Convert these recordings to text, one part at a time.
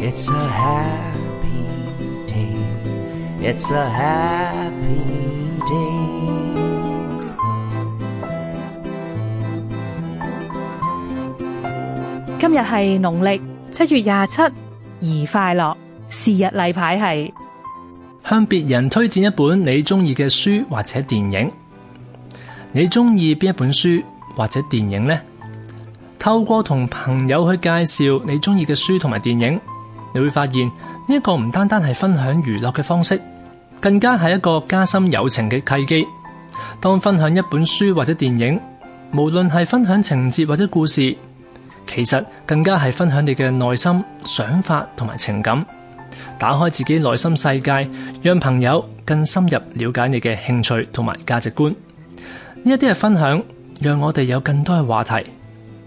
It's a happy day. It's a happy day. 今日係農曆七月廿七，宜快樂。是日例牌係向別人推薦一本你中意嘅書或者電影。你中意邊一本書或者電影呢？透過同朋友去介紹你中意嘅書同埋電影，你會發現呢一個唔單單係分享娛樂嘅方式，更加係一個加深友情嘅契機。當分享一本書或者電影，無論係分享情節或者故事，其實更加係分享你嘅內心想法同埋情感，打開自己內心世界，讓朋友更深入了解你嘅興趣同埋價值觀。呢一啲係分享，讓我哋有更多嘅話題。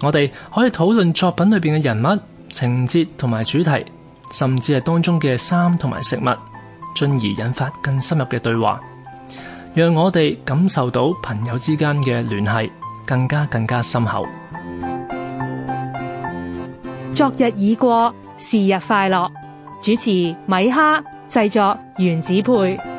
我哋可以討論作品裏邊嘅人物、情節同埋主題，甚至係當中嘅衫同埋食物，進而引發更深入嘅對話，讓我哋感受到朋友之間嘅聯繫更加更加深厚。昨日已過，是日快樂。主持米哈，製作原子配。